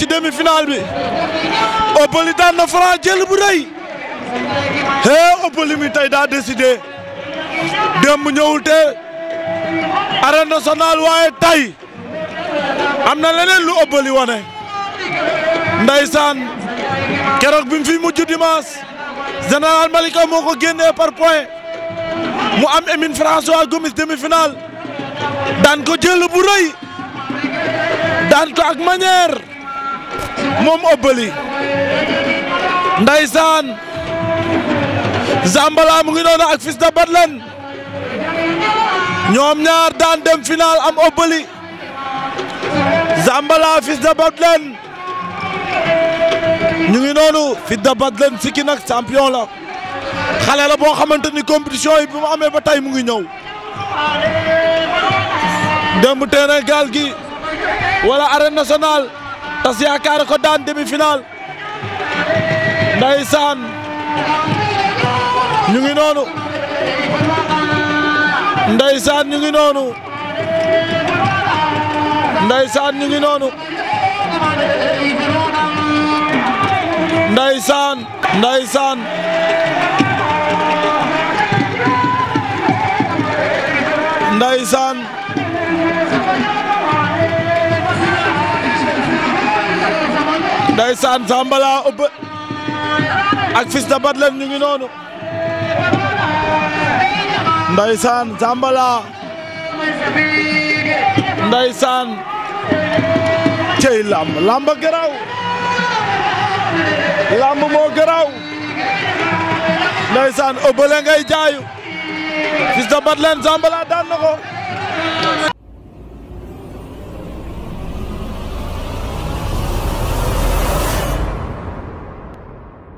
ci demi-finale bi Obeuly daan na Franc jël bu rëy hee Obeuly mi tey daa décidé démb ñëwul te arène nationale waaye tey am na leneen lu Obeuly wane ndeysaan keroog bi fi mujj dimanche général Malika moo ko génnee par point mu am Emine François Gomis demi-finale daan ko jël bu rëy daan ko ak manière moom Obeuli ndaysaan Zambala mu ngi noonu ak Fils de Batlen ñoom ñaar daan dem final am Obeuli Zambala Fils de Batlen ñu ngi noonu Fils de Batlen sikki nag champion la xale boo xamante ni compétition yi bi mu amee ba tey mu ngi ñëw démb terrain gaal gi wala arène nationale tas yaakaar ko daan demi-finale ndeysaan ñu ngi noonu ndeysaan ñu ngi noonu ndeysaan Zambala ëpp ak Fils de Batlem ñu ngi noonu ndeysaan Zambala ndeysaan cey lamb lamb garaw lamb moo garaw ndeysaan ëbbale ngay jaayu Fils de Batlem Zambala daan na